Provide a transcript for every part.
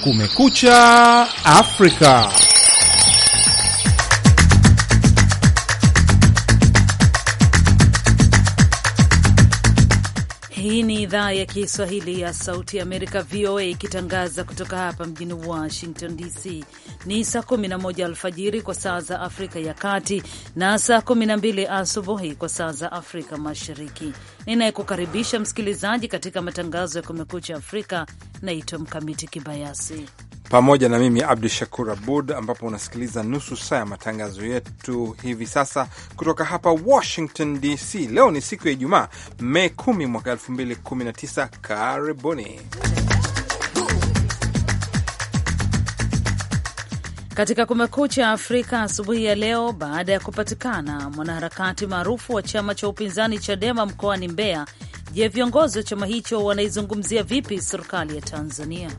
Kumekucha Afrika. Hii ni idhaa ya Kiswahili ya Sauti ya Amerika, VOA, ikitangaza kutoka hapa mjini Washington DC. Ni saa 11 alfajiri kwa saa za Afrika ya Kati na saa 12 asubuhi kwa saa za Afrika Mashariki. Ninayekukaribisha msikilizaji katika matangazo ya Kumekucha Afrika naitwa Mkamiti Kibayasi pamoja na mimi Abdu Shakur Abud, ambapo unasikiliza nusu saa ya matangazo yetu hivi sasa kutoka hapa Washington DC. Leo ni siku ya Ijumaa, Mei 10 mwaka 2019. Karibuni katika Kumekucha Afrika asubuhi ya leo. Baada ya kupatikana mwanaharakati maarufu wa chama cha upinzani Chadema mkoani Mbeya, je, viongozi wa chama hicho wanaizungumzia vipi serikali ya Tanzania?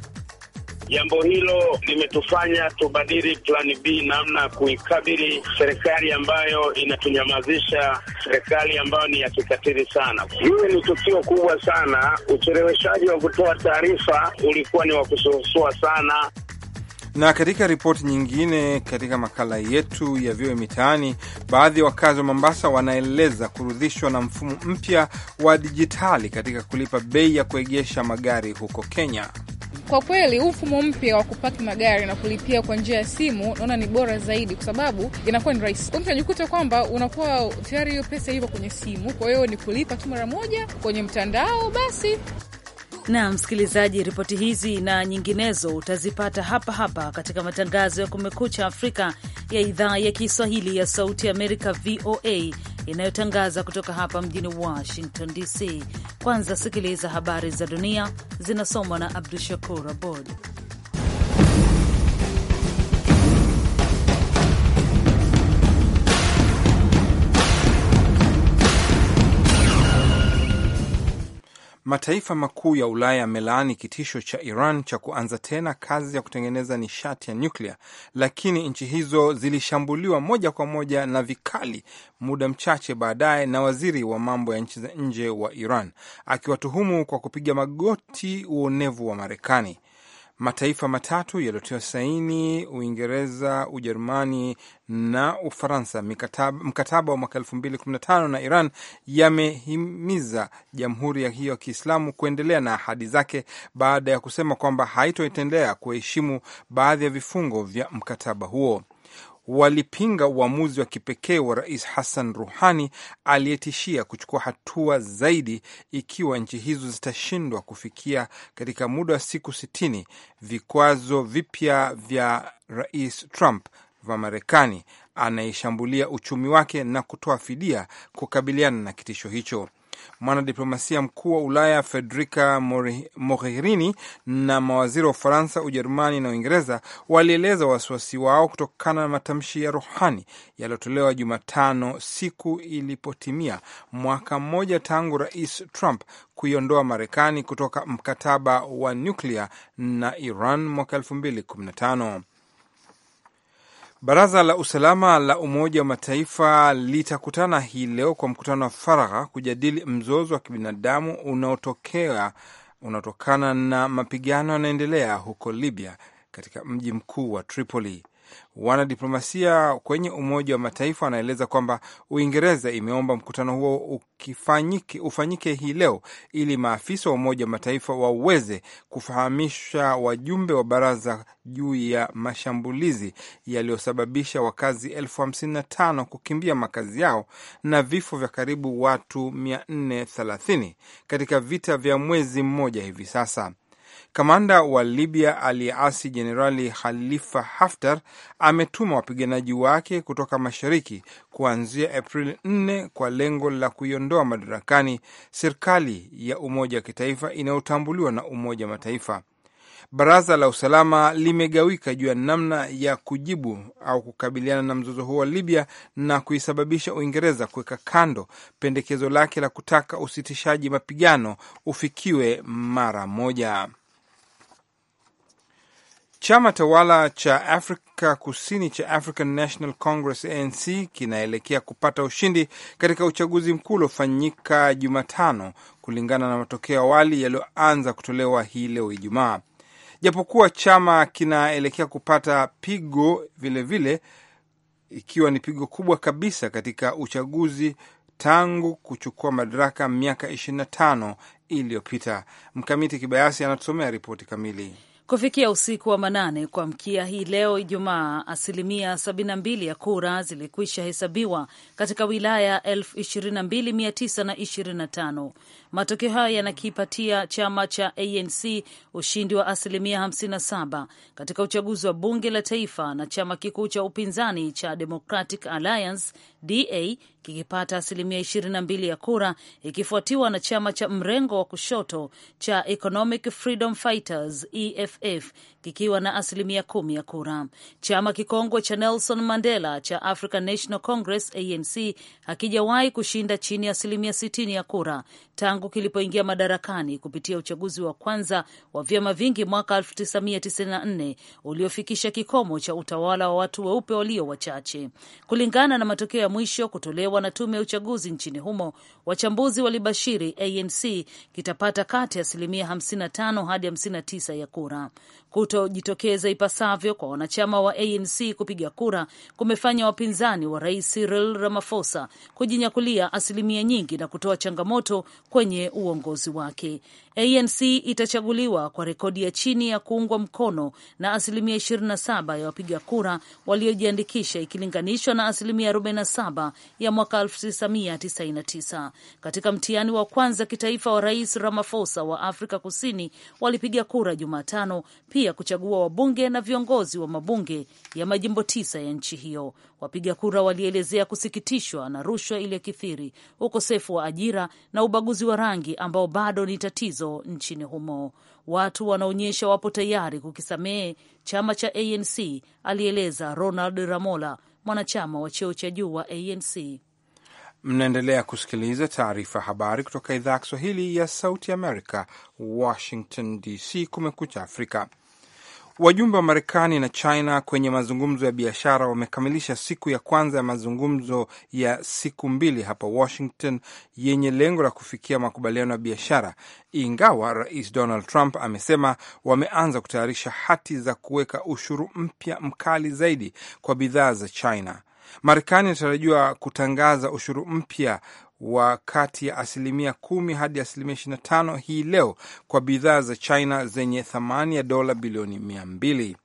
Jambo hilo limetufanya tubadili plani B, namna kuikabili serikali ambayo inatunyamazisha, serikali ambayo ni ya kikatili sana. Hili ni tukio kubwa sana. Ucheleweshaji wa kutoa taarifa ulikuwa ni wa kusuasua sana na katika ripoti nyingine katika makala yetu ya vyowe mitaani, baadhi ya wakazi wa Mombasa wanaeleza kurudhishwa na mfumo mpya wa dijitali katika kulipa bei ya kuegesha magari huko Kenya. Kwa kweli huu mfumo mpya wa kupaki magari na kulipia kwa njia ya simu naona ni bora zaidi, kwa sababu inakuwa ni rahisi. anajikuta kwamba unakuwa tayari hiyo pesa hivyo kwenye simu, kwa hiyo ni kulipa tu mara moja kwenye mtandao basi. Na msikilizaji, ripoti hizi na nyinginezo utazipata hapa hapa katika matangazo ya Kumekucha Afrika ya idhaa ya Kiswahili ya Sauti Amerika, VOA, inayotangaza kutoka hapa mjini Washington DC. Kwanza sikiliza habari za dunia zinasomwa na Abdu Shakur Abod. Mataifa makuu ya Ulaya yamelaani kitisho cha Iran cha kuanza tena kazi ya kutengeneza nishati ya nyuklia, lakini nchi hizo zilishambuliwa moja kwa moja na vikali muda mchache baadaye na waziri wa mambo ya nchi za nje wa Iran akiwatuhumu kwa kupiga magoti uonevu wa Marekani mataifa matatu yaliyotia saini Uingereza, Ujerumani na Ufaransa mkataba, mkataba wa mwaka elfu mbili kumi na tano na Iran yamehimiza jamhuri ya hiyo ya Kiislamu kuendelea na ahadi zake baada ya kusema kwamba haitoitendea kuheshimu baadhi ya vifungo vya mkataba huo walipinga uamuzi wa kipekee wa Rais Hassan Ruhani aliyetishia kuchukua hatua zaidi ikiwa nchi hizo zitashindwa kufikia katika muda wa siku sitini vikwazo vipya vya Rais Trump vya Marekani anayeshambulia uchumi wake na kutoa fidia kukabiliana na kitisho hicho mwanadiplomasia mkuu wa Ulaya Federica Mogherini na mawaziri wa Ufaransa, Ujerumani na Uingereza walieleza wasiwasi wao kutokana na matamshi ya Rohani yaliyotolewa Jumatano, siku ilipotimia mwaka mmoja tangu Rais Trump kuiondoa Marekani kutoka mkataba wa nyuklia na Iran mwaka 2015. Baraza la usalama la Umoja wa Mataifa litakutana hii leo kwa mkutano wa faragha kujadili mzozo wa kibinadamu unaotokea unaotokana na mapigano yanaendelea huko Libya katika mji mkuu wa Tripoli. Wanadiplomasia kwenye Umoja wa Mataifa wanaeleza kwamba Uingereza imeomba mkutano huo ukifanyike, ufanyike hii leo ili maafisa wa Umoja wa Mataifa waweze kufahamisha wajumbe wa baraza juu ya mashambulizi yaliyosababisha wakazi elfu hamsini na tano kukimbia makazi yao na vifo vya karibu watu 430 katika vita vya mwezi mmoja hivi sasa. Kamanda wa Libya aliyeasi Jenerali Khalifa Haftar ametuma wapiganaji wake kutoka mashariki kuanzia Aprili 4 kwa lengo la kuiondoa madarakani serikali ya umoja wa kitaifa inayotambuliwa na Umoja wa Mataifa. Baraza la usalama limegawika juu ya namna ya kujibu au kukabiliana na mzozo huo wa Libya na kuisababisha Uingereza kuweka kando pendekezo lake la kutaka usitishaji mapigano ufikiwe mara moja. Chama tawala cha Afrika Kusini cha African National Congress ANC kinaelekea kupata ushindi katika uchaguzi mkuu uliofanyika Jumatano kulingana na matokeo awali yaliyoanza kutolewa hii leo Ijumaa. Japokuwa chama kinaelekea kupata pigo vilevile vile, ikiwa ni pigo kubwa kabisa katika uchaguzi tangu kuchukua madaraka miaka 25 iliyopita. Mkamiti Kibayasi anatusomea ripoti kamili. Kufikia usiku wa manane kuamkia hii leo Ijumaa, asilimia 72 ya kura zilikwisha hesabiwa katika wilaya 22925. Matokeo hayo yanakipatia chama cha ANC ushindi wa asilimia 57 katika uchaguzi wa bunge la taifa na chama kikuu cha upinzani cha Democratic Alliance DA kikipata asilimia 22 ya kura, ikifuatiwa na chama cha mrengo wa kushoto cha Economic Freedom Fighters EFF kikiwa na asilimia kumi ya kura. Chama kikongwe cha Nelson Mandela cha African National Congress ANC hakijawahi kushinda chini ya asilimia 60 ya kura tangu kilipoingia madarakani kupitia uchaguzi wa kwanza wa vyama vingi mwaka 1994 uliofikisha kikomo cha utawala wa watu weupe walio wachache, kulingana na matokeo ya mwisho kutolewa na tume ya uchaguzi nchini humo, wachambuzi walibashiri ANC kitapata kati ya asilimia 55 hadi 59 ya kura. Kutojitokeza ipasavyo kwa wanachama wa ANC kupiga kura kumefanya wapinzani wa rais Cyril Ramaphosa kujinyakulia asilimia nyingi na kutoa changamoto kwenye uongozi wake. ANC itachaguliwa kwa rekodi ya chini ya kuungwa mkono na asilimia 27 ya wapiga kura waliojiandikisha ikilinganishwa na asilimia 47 ya mwaka 1999. Katika mtihani wa kwanza kitaifa wa rais Ramaphosa wa Afrika Kusini walipiga kura Jumatano pia pia kuchagua wabunge na viongozi wa mabunge ya majimbo tisa ya nchi hiyo. Wapiga kura walielezea kusikitishwa na rushwa iliyokithiri, ukosefu wa ajira na ubaguzi wa rangi ambao bado ni tatizo nchini humo. Watu wanaonyesha wapo tayari kukisamehe chama cha ANC, alieleza Ronald Ramola, mwanachama wa cheo cha juu wa ANC. Mnaendelea kusikiliza taarifa ya habari kutoka idhaa ya Kiswahili ya Sauti Amerika, Washington DC. Kumekucha Afrika. Wajumbe wa Marekani na China kwenye mazungumzo ya biashara wamekamilisha siku ya kwanza ya mazungumzo ya siku mbili hapa Washington yenye lengo la kufikia makubaliano ya biashara, ingawa Rais Donald Trump amesema wameanza kutayarisha hati za kuweka ushuru mpya mkali zaidi kwa bidhaa za China. Marekani inatarajiwa kutangaza ushuru mpya wa kati ya asilimia kumi hadi asilimia ishirini na tano hii leo kwa bidhaa za China zenye thamani ya dola bilioni mia mbili.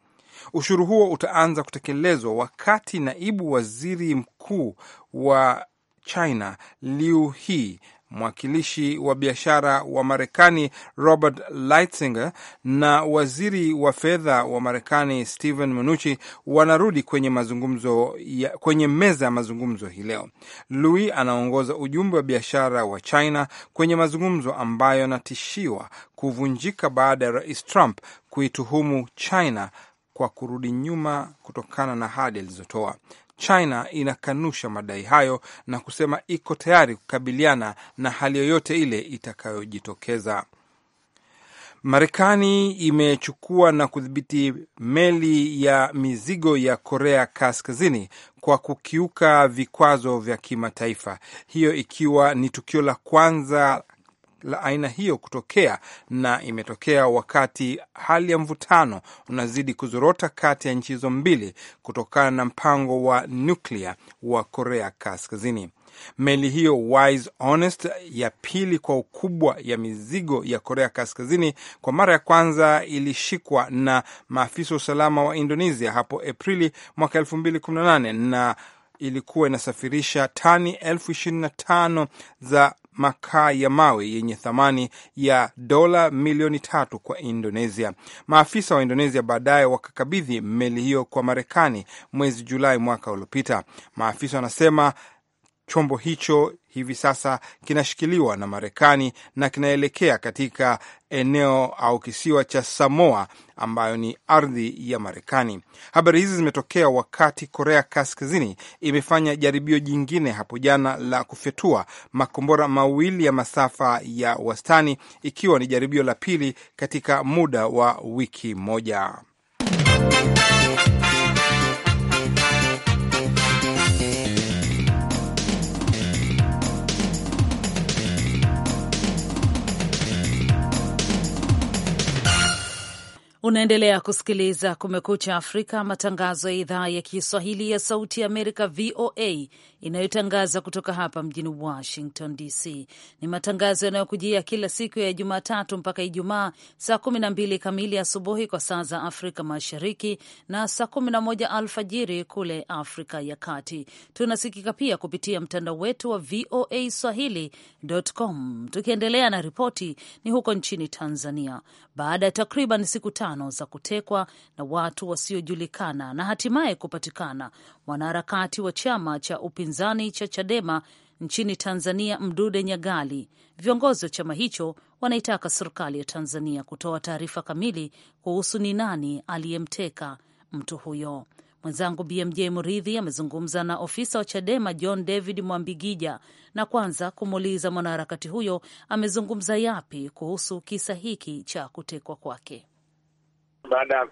Ushuru huo utaanza kutekelezwa wakati naibu waziri mkuu wa China Liu Hii mwakilishi wa biashara wa Marekani Robert Lightsinger na waziri wa fedha wa Marekani Steven Mnuchin wanarudi kwenye mazungumzo ya, kwenye meza ya mazungumzo hii leo. Lui anaongoza ujumbe wa biashara wa China kwenye mazungumzo ambayo yanatishiwa kuvunjika baada ya Rais Trump kuituhumu China kwa kurudi nyuma kutokana na ahadi alizotoa. China inakanusha madai hayo na kusema iko tayari kukabiliana na hali yoyote ile itakayojitokeza. Marekani imechukua na kudhibiti meli ya mizigo ya Korea Kaskazini kwa kukiuka vikwazo vya kimataifa, hiyo ikiwa ni tukio la kwanza la aina hiyo kutokea, na imetokea wakati hali ya mvutano unazidi kuzorota kati ya nchi hizo mbili kutokana na mpango wa nyuklia wa Korea Kaskazini. Meli hiyo Wise Honest ya pili kwa ukubwa ya mizigo ya Korea Kaskazini kwa mara ya kwanza ilishikwa na maafisa wa usalama wa Indonesia hapo Aprili mwaka 2018 na ilikuwa inasafirisha tani elfu ishirini na tano za makaa ya mawe yenye thamani ya dola milioni tatu kwa Indonesia. Maafisa wa Indonesia baadaye wakakabidhi meli hiyo kwa Marekani mwezi Julai mwaka uliopita. Maafisa wanasema Chombo hicho hivi sasa kinashikiliwa na Marekani na kinaelekea katika eneo au kisiwa cha Samoa ambayo ni ardhi ya Marekani. Habari hizi zimetokea wakati Korea Kaskazini imefanya jaribio jingine hapo jana la kufyatua makombora mawili ya masafa ya wastani, ikiwa ni jaribio la pili katika muda wa wiki moja. Unaendelea kusikiliza Kumekucha Afrika, matangazo ya idhaa ya Kiswahili ya Sauti ya Amerika, VOA, inayotangaza kutoka hapa mjini Washington DC. Ni matangazo yanayokujia kila siku ya Jumatatu mpaka Ijumaa saa 12 kamili asubuhi kwa saa za Afrika Mashariki na saa 11 alfajiri kule Afrika ya Kati. Tunasikika pia kupitia mtandao wetu wa VOA Swahili.com. Tukiendelea na ripoti, ni huko nchini Tanzania baada ya takriban siku tatu tano za kutekwa na watu wasiojulikana na hatimaye kupatikana. Mwanaharakati wa chama cha upinzani cha Chadema nchini Tanzania, Mdude Nyagali. Viongozi wa chama hicho wanaitaka serikali ya Tanzania kutoa taarifa kamili kuhusu ni nani aliyemteka mtu huyo. Mwenzangu BMJ Muridhi amezungumza na ofisa wa Chadema John David Mwambigija na kwanza kumuuliza mwanaharakati huyo amezungumza yapi kuhusu kisa hiki cha kutekwa kwake baada ya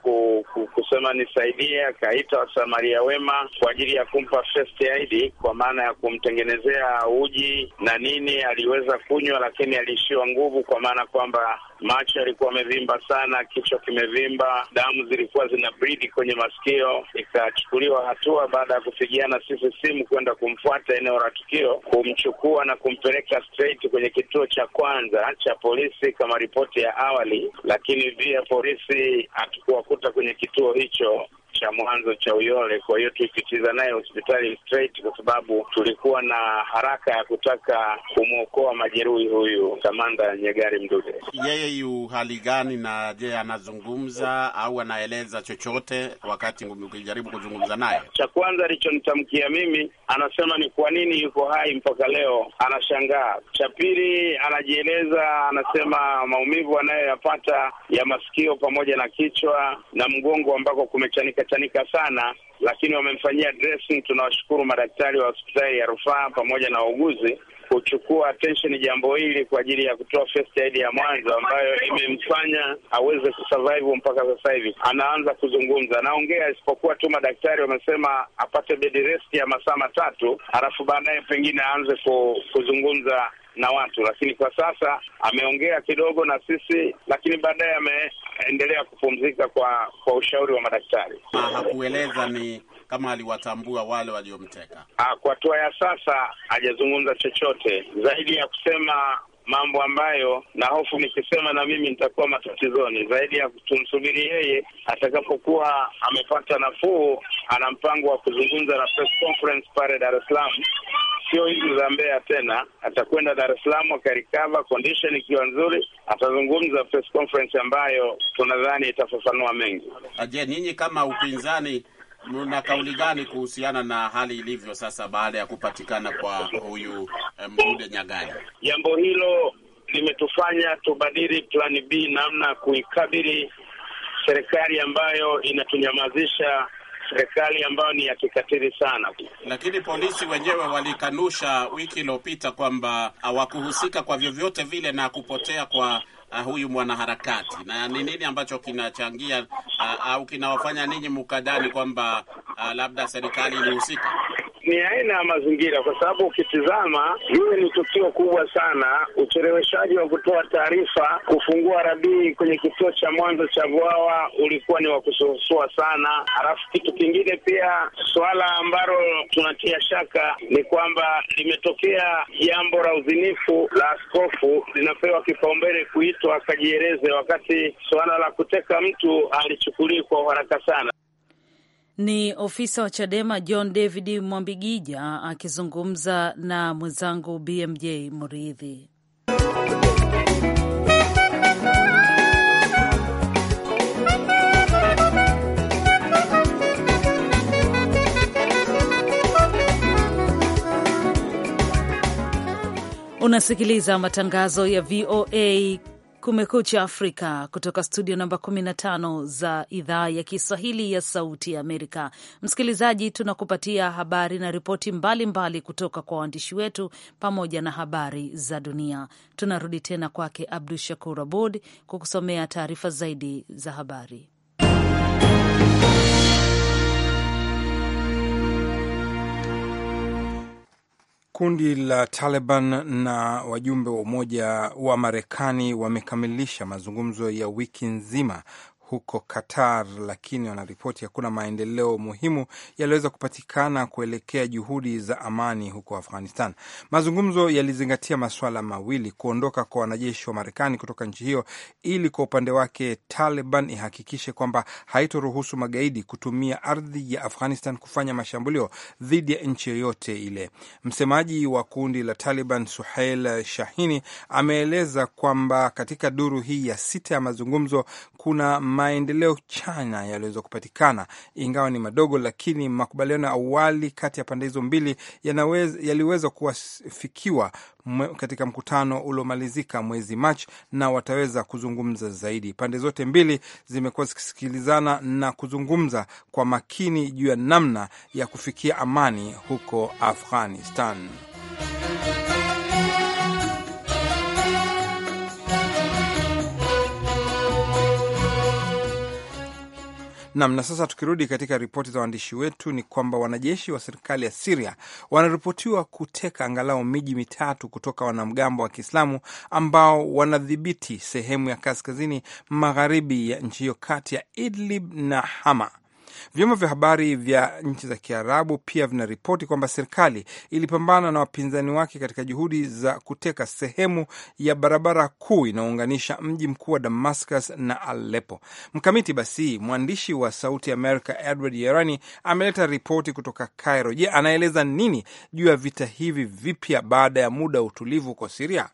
kusema nisaidie, akaita wasamaria wema kwa ajili ya kumpa first aid, kwa maana ya kumtengenezea uji na nini. Aliweza kunywa, lakini aliishiwa nguvu, kwa maana kwamba macho yalikuwa amevimba sana, kichwa kimevimba, damu zilikuwa zina bridi kwenye masikio. Ikachukuliwa hatua baada ya kupigiana sisi simu kwenda kumfuata eneo la tukio, kumchukua na kumpeleka straight kwenye kituo cha kwanza cha polisi kama ripoti ya awali, lakini via polisi hatukuwakuta kwenye kituo hicho cha mwanzo cha Uyole. Kwa hiyo tulipitiza naye hospitali straight, kwa sababu tulikuwa na haraka ya kutaka kumwokoa majeruhi huyu Kamanda Nyegari Mdude. Yeye yu hali gani, na je, anazungumza au anaeleza chochote wakati ukijaribu kuzungumza naye? Cha kwanza alichonitamkia mimi, anasema ni kwa nini yuko hai mpaka leo, anashangaa. Cha pili, anajieleza, anasema maumivu anayoyapata ya masikio pamoja na kichwa na mgongo ambako kumechanika wamekusanyika sana, lakini wamemfanyia dressing. Tunawashukuru madaktari wa hospitali ya rufaa pamoja na wauguzi kuchukua attention jambo hili kwa ajili ya kutoa first aid ya mwanzo ambayo imemfanya aweze kusurvive mpaka sasa hivi. Anaanza kuzungumza, anaongea, isipokuwa tu madaktari wamesema apate bed rest ya masaa matatu, alafu baadaye pengine aanze kuzungumza na watu, lakini kwa sasa ameongea kidogo na sisi, lakini baadaye ameendelea kupumzika kwa kwa ushauri wa madaktari. Ah, hakueleza ni kama aliwatambua wale waliomteka. Ah, kwa hatua ya sasa hajazungumza chochote zaidi ya kusema mambo ambayo na hofu nikisema na mimi nitakuwa matatizoni zaidi ya tumsubiri yeye atakapokuwa amepata nafuu. Ana mpango wa kuzungumza na press conference pale Dar es Salaam sio hizi za Mbeya tena, atakwenda Dar es Salaam akarikava condition ikiwa nzuri, atazungumza press conference ambayo tunadhani itafafanua mengi. Ah, je, ninyi kama upinzani mna kauli gani kuhusiana na hali ilivyo sasa baada ya kupatikana kwa huyu eh, Mdude Nyagali? Jambo hilo limetufanya tubadili plani B, namna kuikabili serikali ambayo inatunyamazisha serikali ambayo ni ya kikatili sana. Lakini polisi wenyewe walikanusha wiki iliyopita kwamba ah, hawakuhusika kwa vyovyote vile na kupotea kwa uh, huyu mwanaharakati. Na ni nini ambacho kinachangia uh, au kinawafanya ninyi mukadani kwamba uh, labda serikali ilihusika? ni aina ya mazingira, kwa sababu ukitizama hili ni tukio kubwa sana, ucheleweshaji wa kutoa taarifa kufungua rabii kwenye kituo cha mwanzo cha bwawa ulikuwa ni wa kusuasua sana. Halafu kitu kingine pia, suala ambalo tunatia shaka ni kwamba limetokea jambo la uzinifu la askofu linapewa kipaumbele kuitwa akajieleze, wakati suala la kuteka mtu alichukuliwa kwa uharaka sana. Ni ofisa wa CHADEMA John David Mwambigija akizungumza na mwenzangu BMJ Muridhi. Unasikiliza matangazo ya VOA Kumekucha Afrika kutoka studio namba 15 za idhaa ya Kiswahili ya Sauti ya Amerika. Msikilizaji, tunakupatia habari na ripoti mbalimbali kutoka kwa waandishi wetu pamoja na habari za dunia. Tunarudi tena kwake Abdu Shakur Abud kukusomea taarifa zaidi za habari. Kundi la Taliban na wajumbe wa Umoja wa Marekani wamekamilisha mazungumzo ya wiki nzima huko Qatar, lakini wanaripoti hakuna maendeleo muhimu yaliyoweza kupatikana kuelekea juhudi za amani huko Afghanistan. Mazungumzo yalizingatia masuala mawili: kuondoka kwa wanajeshi wa Marekani kutoka nchi hiyo, ili kwa upande wake Taliban ihakikishe kwamba haitoruhusu magaidi kutumia ardhi ya Afghanistan kufanya mashambulio dhidi ya nchi yoyote ile. Msemaji wa kundi la Taliban Suhail Shahini ameeleza kwamba katika duru hii ya sita ya mazungumzo kuna maendeleo chanya yaliweza kupatikana, ingawa ni madogo, lakini makubaliano ya awali kati ya pande hizo mbili yaliweza kuwafikiwa katika mkutano uliomalizika mwezi Machi na wataweza kuzungumza zaidi. Pande zote mbili zimekuwa zikisikilizana na kuzungumza kwa makini juu ya namna ya kufikia amani huko Afghanistan. Nam. Na sasa tukirudi katika ripoti za waandishi wetu, ni kwamba wanajeshi wa serikali ya Siria wanaripotiwa kuteka angalau miji mitatu kutoka wanamgambo wa Kiislamu ambao wanadhibiti sehemu ya kaskazini magharibi ya nchi hiyo kati ya Idlib na Hama. Vyombo vya habari vya nchi za Kiarabu pia vinaripoti kwamba serikali ilipambana na wapinzani wake katika juhudi za kuteka sehemu ya barabara kuu inayounganisha mji mkuu wa Damascus na Aleppo. Mkamiti basi, mwandishi wa Sauti America Edward Yerani ameleta ripoti kutoka Cairo. Je, anaeleza nini juu ya vita hivi vipya baada ya muda wa utulivu huko Siria?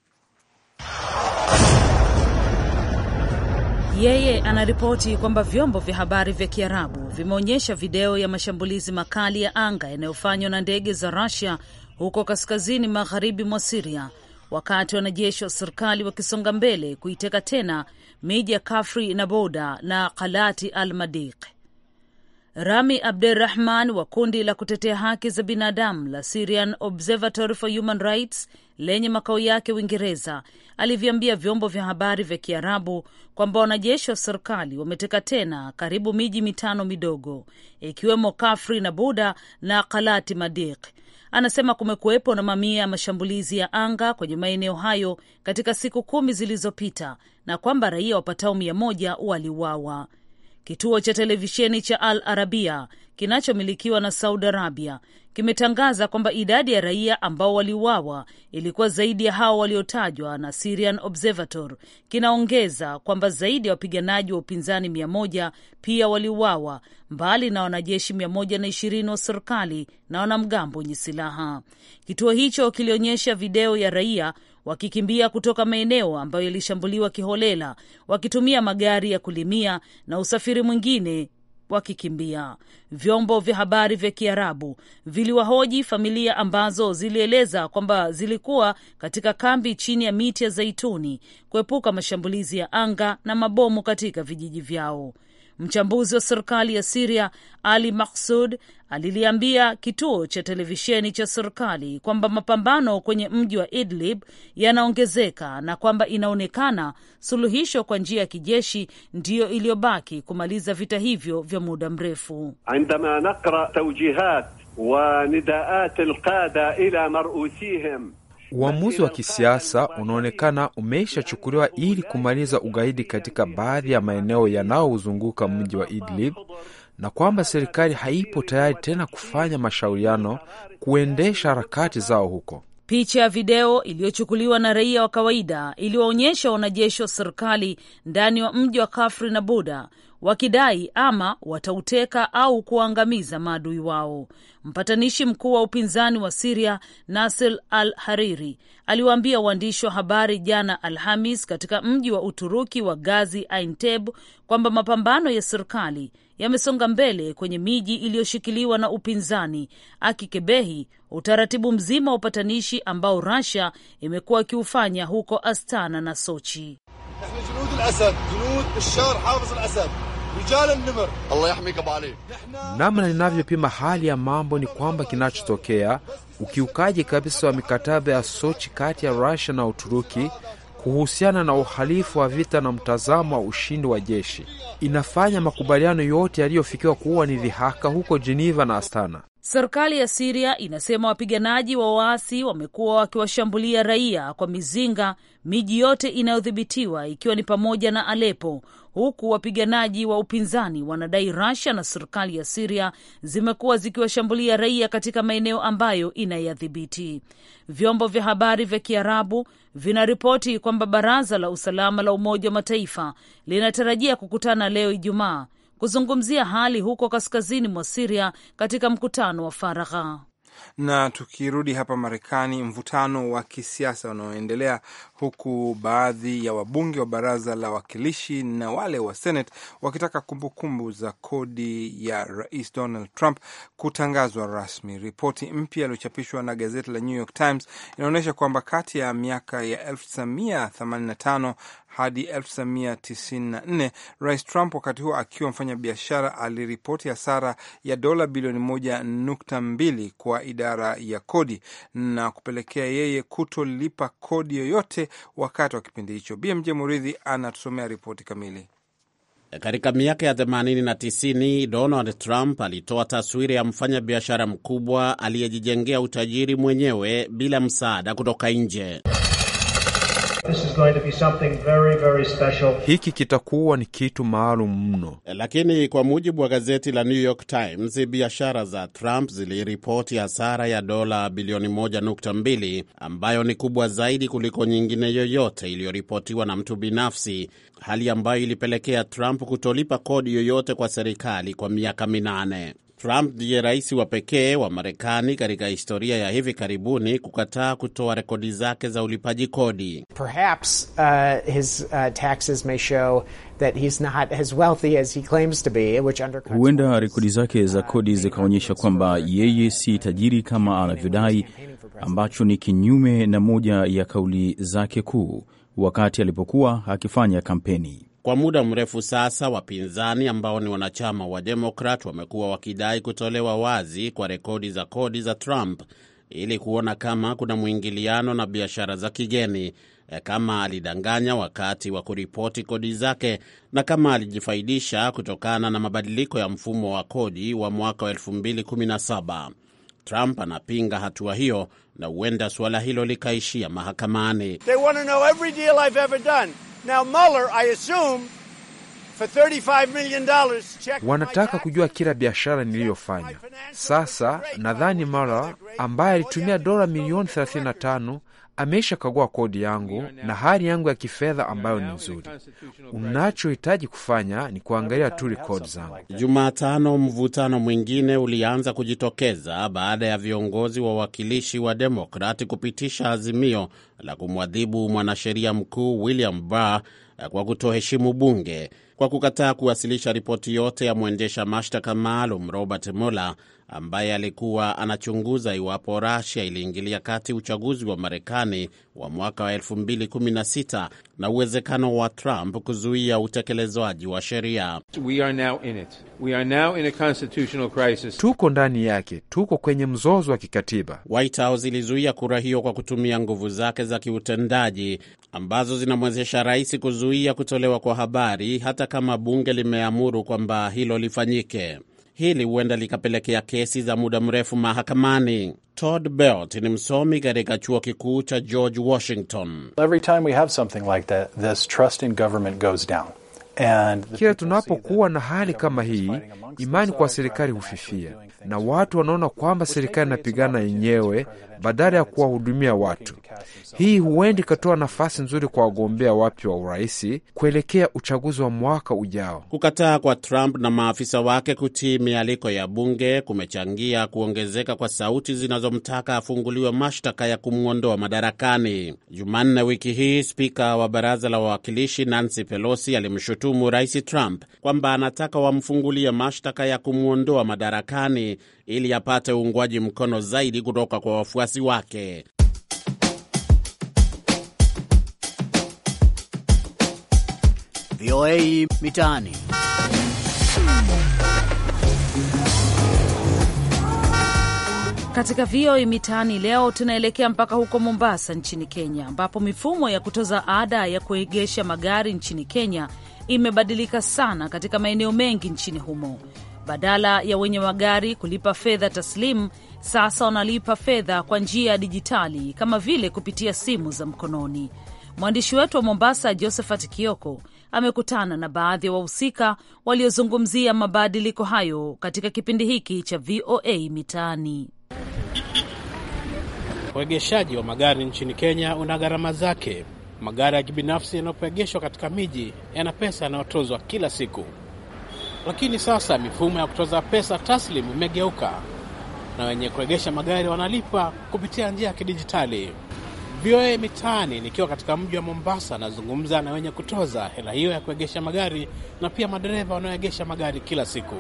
Yeye anaripoti kwamba vyombo vya habari vya Kiarabu vimeonyesha video ya mashambulizi makali ya anga yanayofanywa na ndege za rasia huko kaskazini magharibi mwa Siria, wakati wanajeshi wa serikali wakisonga mbele kuiteka tena miji ya Kafri na Boda na Kalati al Madiq. Rami Abderrahman wa kundi la kutetea haki za binadamu la Syrian Observatory for Human Rights lenye makao yake Uingereza aliviambia vyombo vya habari vya Kiarabu kwamba wanajeshi wa serikali wameteka tena karibu miji mitano midogo ikiwemo Kafri na Buda na Kalati Madik. Anasema kumekuwepo na mamia ya mashambulizi ya anga kwenye maeneo hayo katika siku kumi zilizopita na kwamba raia wapatao mia moja waliuawa. Kituo cha televisheni cha Al Arabia kinachomilikiwa na Saudi Arabia kimetangaza kwamba idadi ya raia ambao waliuawa ilikuwa zaidi ya hao waliotajwa na Syrian Observator. Kinaongeza kwamba zaidi ya wapiganaji wa upinzani mia moja pia waliuawa mbali na wanajeshi mia moja na ishirini wa serikali na wanamgambo wenye silaha. Kituo hicho kilionyesha video ya raia wakikimbia kutoka maeneo ambayo yalishambuliwa kiholela, wakitumia magari ya kulimia na usafiri mwingine wakikimbia. Vyombo vya habari vya Kiarabu viliwahoji familia ambazo zilieleza kwamba zilikuwa katika kambi chini ya miti ya zaituni kuepuka mashambulizi ya anga na mabomu katika vijiji vyao. Mchambuzi wa serikali ya Siria Ali Maksud aliliambia kituo cha televisheni cha serikali kwamba mapambano kwenye mji wa Idlib yanaongezeka na kwamba inaonekana suluhisho kwa njia ya kijeshi ndiyo iliyobaki kumaliza vita hivyo vya muda mrefu. indama nakra taujihat wa nidaat alqada ila Uamuzi wa kisiasa unaonekana umeshachukuliwa ili kumaliza ugaidi katika baadhi ya maeneo yanayouzunguka mji wa Idlib na kwamba serikali haipo tayari tena kufanya mashauriano kuendesha harakati zao huko. Picha ya video iliyochukuliwa na raia wa kawaida iliwaonyesha wanajeshi wa serikali ndani wa mji wa Kafri na Buda wakidai ama watauteka au kuwaangamiza maadui wao. Mpatanishi mkuu wa upinzani wa Siria Nasir al Hariri aliwaambia waandishi wa habari jana Alhamis katika mji wa Uturuki wa Gazi Ainteb kwamba mapambano ya serikali yamesonga mbele kwenye miji iliyoshikiliwa na upinzani, akikebehi utaratibu mzima wa upatanishi ambao rasia imekuwa ikiufanya huko Astana na Sochi. Namna ninavyopima hali ya mambo ni kwamba kinachotokea ukiukaji kabisa wa mikataba ya Sochi kati ya Rusia na Uturuki kuhusiana na uhalifu wa vita na mtazamo wa ushindi wa jeshi inafanya makubaliano yote yaliyofikiwa kuwa ni dhihaka huko jeneva na Astana. Serikali ya Siria inasema wapiganaji wa waasi wamekuwa wakiwashambulia raia kwa mizinga miji yote inayodhibitiwa ikiwa ni pamoja na Alepo, huku wapiganaji wa upinzani wanadai Russia na serikali ya Siria zimekuwa zikiwashambulia raia katika maeneo ambayo inayadhibiti. Vyombo vya habari vya Kiarabu vinaripoti kwamba baraza la usalama la Umoja wa Mataifa linatarajia kukutana leo Ijumaa kuzungumzia hali huko kaskazini mwa Siria katika mkutano wa faragha. Na tukirudi hapa Marekani, mvutano wa kisiasa unaoendelea huku baadhi ya wabunge wa baraza la wawakilishi na wale wa Senate wakitaka kumbukumbu kumbu za kodi ya rais Donald Trump kutangazwa rasmi. Ripoti mpya iliyochapishwa na gazeti la New York Times inaonyesha kwamba kati ya miaka ya hadi 1994. Rais Trump wakati huo akiwa mfanya biashara aliripoti hasara ya dola bilioni moja nukta mbili kwa idara ya kodi na kupelekea yeye kutolipa kodi yoyote wakati wa kipindi hicho. BMJ Muridhi anatusomea ripoti kamili. Katika miaka ya 80 na 90 Donald Trump alitoa taswira ya mfanyabiashara mkubwa aliyejijengea utajiri mwenyewe bila msaada kutoka nje. This is going to be something very, very special. Hiki kitakuwa ni kitu maalum mno. Eh, lakini kwa mujibu wa gazeti la New York Times, biashara za Trump ziliripoti hasara ya dola bilioni 1.2 ambayo ni kubwa zaidi kuliko nyingine yoyote iliyoripotiwa na mtu binafsi, hali ambayo ilipelekea Trump kutolipa kodi yoyote kwa serikali kwa miaka minane. Trump ndiye rais wa pekee wa Marekani katika historia ya hivi karibuni kukataa kutoa rekodi zake za ulipaji kodi. Perhaps, uh, his, uh, taxes may show that he's not as wealthy as he claims to be, which undercuts... Huenda rekodi zake za kodi zikaonyesha kwamba yeye si tajiri kama anavyodai, ambacho ni kinyume na moja ya kauli zake kuu wakati alipokuwa akifanya kampeni. Kwa muda mrefu sasa, wapinzani ambao ni wanachama wa Demokrat wamekuwa wakidai kutolewa wazi kwa rekodi za kodi za Trump ili kuona kama kuna mwingiliano na biashara za kigeni, e, kama alidanganya wakati wa kuripoti kodi zake na kama alijifaidisha kutokana na mabadiliko ya mfumo wa kodi wa mwaka wa 2017. Trump anapinga hatua hiyo na huenda suala hilo likaishia mahakamani. They want to know every deal I've ever done. Now Mueller, I assume, for $35 million, check wanataka kujua kila biashara niliyofanya. Sasa nadhani Mueller ambaye alitumia dola milioni 35 ameshakagua kodi yangu na hali yangu ya kifedha ambayo ni nzuri. Unachohitaji kufanya ni kuangalia tu rekodi zangu. Jumatano, mvutano mwingine ulianza kujitokeza baada ya viongozi wa wakilishi wa Demokrati kupitisha azimio la kumwadhibu mwanasheria mkuu William Barr kwa kutoheshimu bunge kwa kukataa kuwasilisha ripoti yote ya mwendesha mashtaka maalum Robert Mueller ambaye alikuwa anachunguza iwapo Russia iliingilia kati uchaguzi wa Marekani wa mwaka wa 2016 na uwezekano wa Trump kuzuia utekelezwaji wa sheria. Tuko ndani yake, tuko kwenye mzozo wa kikatiba. White House ilizuia kura hiyo kwa kutumia nguvu zake za kiutendaji ambazo zinamwezesha rais kuzuia kutolewa kwa habari hata kama bunge limeamuru kwamba hilo lifanyike hili huenda likapelekea kesi za muda mrefu mahakamani. Todd Belt ni msomi katika chuo kikuu cha George Washington. Kila tunapokuwa na hali kama hii, imani kwa serikali hufifia na watu wanaona kwamba serikali inapigana yenyewe badala ya kuwahudumia watu. Hii huenda ikatoa nafasi nzuri kwa wagombea wapya wa urahisi kuelekea uchaguzi wa mwaka ujao. Kukataa kwa Trump na maafisa wake kutii mialiko ya bunge kumechangia kuongezeka kwa sauti zinazomtaka afunguliwe mashtaka ya kumwondoa madarakani. Jumanne wiki hii, spika wa baraza la wawakilishi Nancy Pelosi alimshutumu rais Trump kwamba anataka wamfungulie mashtaka ya kumwondoa madarakani ili apate uungwaji mkono zaidi kutoka kwa wafuasi wake. VOA Mitaani. Katika VOA Mitaani leo tunaelekea mpaka huko Mombasa nchini Kenya, ambapo mifumo ya kutoza ada ya kuegesha magari nchini Kenya imebadilika sana katika maeneo mengi nchini humo. Badala ya wenye magari kulipa fedha taslimu, sasa wanalipa fedha kwa njia ya dijitali kama vile kupitia simu za mkononi. Mwandishi wetu wa Mombasa, Josephat Kioko, amekutana na baadhi ya wa wahusika waliozungumzia mabadiliko hayo katika kipindi hiki cha VOA Mitaani. Uegeshaji wa magari nchini Kenya una gharama zake. Magari ya kibinafsi yanayopegeshwa katika miji yana pesa yanayotozwa kila siku. Lakini sasa mifumo ya kutoza pesa taslimu imegeuka na wenye kuegesha magari wanalipa kupitia njia ya kidijitali. VOA Mitaani nikiwa katika mji wa Mombasa, nazungumza na wenye kutoza hela hiyo ya kuegesha magari na pia madereva wanaoegesha magari kila siku.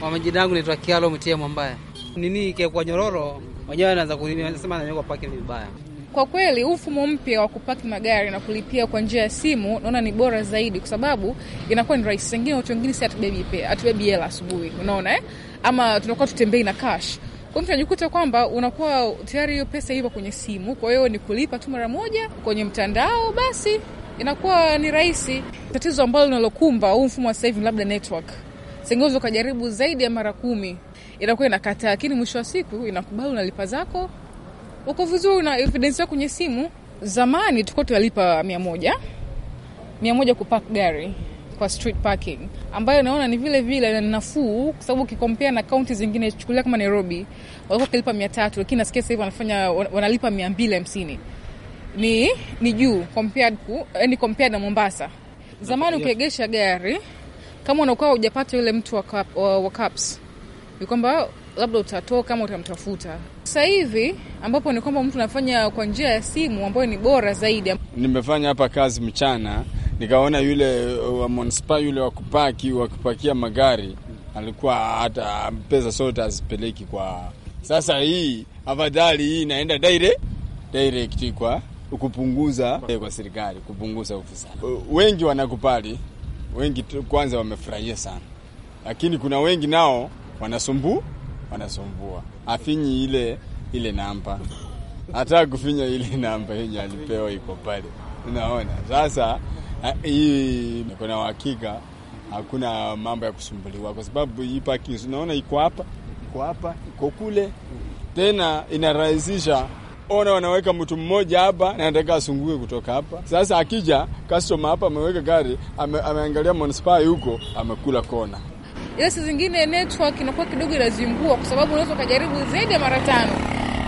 Kwa majina yangu naitwa Kialo Mtia Mwambaya. Nini kekwa nyororo wenyewe, naanza kusema nanyekwa pake vibaya kwa kweli huu mfumo mpya wa kupaki magari na kulipia kwa njia ya simu naona ni bora zaidi, kwa sababu inakuwa ni rahisi. Wengine watu wengine si hatubebi pe hatubebi hela asubuhi, unaona eh? Ama tunakuwa tutembei na cash kwa mtu anajikuta kwamba unakuwa tayari hiyo pesa ipo kwenye simu, kwa hiyo ni kulipa tu mara moja kwenye mtandao, basi inakuwa ni rahisi. Tatizo ambalo linalokumba huu mfumo wa sasa hivi labda network sengeuzo, ukajaribu zaidi ya mara kumi inakuwa inakataa, lakini mwisho wa siku inakubali, unalipa zako uko vizuri na evidence yako kwenye simu. Zamani tulikuwa tunalipa mia moja mia moja kupark gari kwa street parking, ambayo naona ni vile vile nafuu, kwa sababu ukikompea na kaunti zingine, chukulia kama Nairobi walikuwa wakilipa mia tatu lakini nasikia sasa hivi wanafanya wanalipa mia mbili hamsini ni ni juu compared ku yani compared na Mombasa. Zamani ukiegesha gari kama unakuwa hujapata yule mtu wa, wa, wa, wa, wa, wa, wa, wa, sasa hivi ambapo ni kwamba mtu anafanya kwa njia ya simu ambayo ni bora zaidi. Nimefanya hapa kazi mchana, nikaona yule uh, wa munisipa yule wa kupaki wa kupakia magari alikuwa hata pesa sote azipeleki kwa sasa. Hii afadhali hii inaenda direct direct kwa kupunguza eh, kwa serikali, kupunguza ufisadi. Uh, wengi wanakupali, wengi kwanza wamefurahia sana, lakini kuna wengi nao wanasumbu wanasumbua, afinyi ile ile namba, hata kufinya ile namba yenye alipewa iko pale. Unaona sasa, hii kuna uhakika, hakuna mambo ya kusumbuliwa, kwa sababu hii parking unaona iko hapa, iko hapa, iko kule, tena inarahisisha Ona, wanaweka mtu mmoja hapa na anataka asungue kutoka hapa. Sasa akija customer hapa ameweka gari ame, ameangalia manispaa huko amekula kona ila saa zingine network inakuwa kidogo inazingua, kwa sababu unaweza ukajaribu zaidi ya mara tano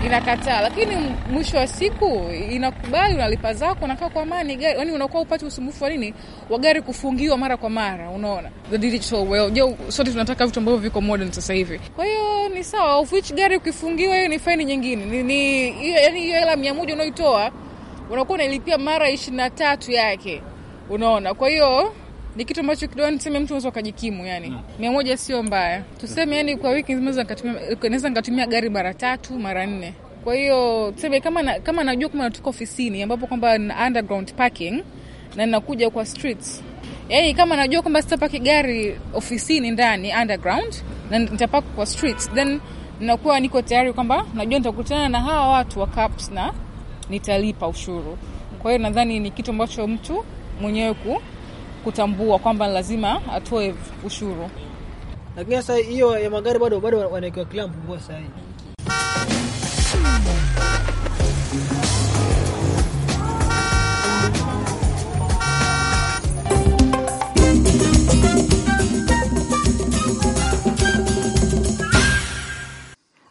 inakataa, lakini mwisho wa siku inakubali, unalipa zako, unakaa kwa amani gari, yani unakuwa upate usumbufu wa nini wa gari kufungiwa mara kwa mara. Unaona the digital world, je, sote tunataka vitu ambavyo viko modern sasa hivi. Kwa hiyo ni sawa, of which gari ukifungiwa, hiyo ni faini nyingine, ni, ni hiyo, yani hiyo hela mia moja unaoitoa unakuwa unailipia mara ishirini na tatu yake, unaona. Kwa hiyo ni kitu ambacho kidogo niseme mtu anaweza kujikimu, yani mm. mia moja sio mbaya, tuseme yani kwa wiki nzima naweza nikatumia gari mara tatu mara nne. Kwa hiyo tuseme kama na, kama najua kama natoka ofisini ambapo kwamba na underground parking na ninakuja kwa streets yaani kama najua kwamba sitapaki gari ofisini ndani underground na nitapaki kwa streets, then nakuwa niko tayari kwamba najua nitakutana na hawa watu wa CAPS na nitalipa ushuru. Kwa hiyo nadhani ni kitu ambacho mtu mwenyewe ku kutambua kwamba lazima atoe ushuru. Lakini sasa hiyo ya magari bado bado wanaikiwa kila mvumbua sahii.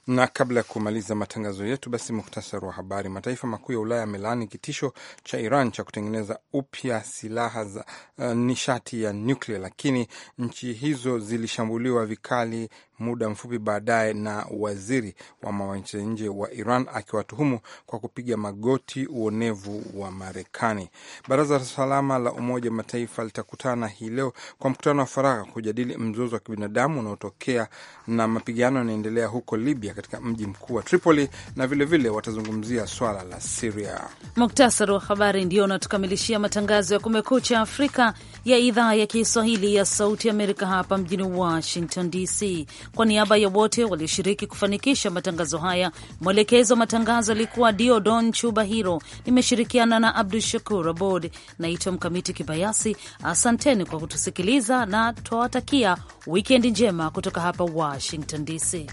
Na kabla ya kumaliza matangazo yetu, basi muhtasari wa habari. Mataifa makuu ya Ulaya yamelaani kitisho cha Iran cha kutengeneza upya silaha za uh, nishati ya nuklia lakini nchi hizo zilishambuliwa vikali muda mfupi baadaye na waziri wa mambo ya nje wa Iran akiwatuhumu kwa kupiga magoti uonevu wa Marekani. Baraza la Usalama la Umoja wa Mataifa litakutana hii leo kwa mkutano wa faragha kujadili mzozo wa kibinadamu unaotokea na mapigano yanaendelea huko Libya katika mji mkuu wa Tripoli, na vilevile vile watazungumzia swala la Siria. Muktasari wa habari ndio unatukamilishia matangazo ya Kumekucha Afrika ya idhaa ya Kiswahili ya Sauti Amerika hapa mjini Washington DC. Kwa niaba ya wote walioshiriki kufanikisha matangazo haya, mwelekezo wa matangazo alikuwa Diodon hiro nimeshirikiana na Abdu Shakur Abod. Naitwa Mkamiti Kibayasi. Asanteni kwa kutusikiliza na twawatakia wikendi njema kutoka hapa Washington DC.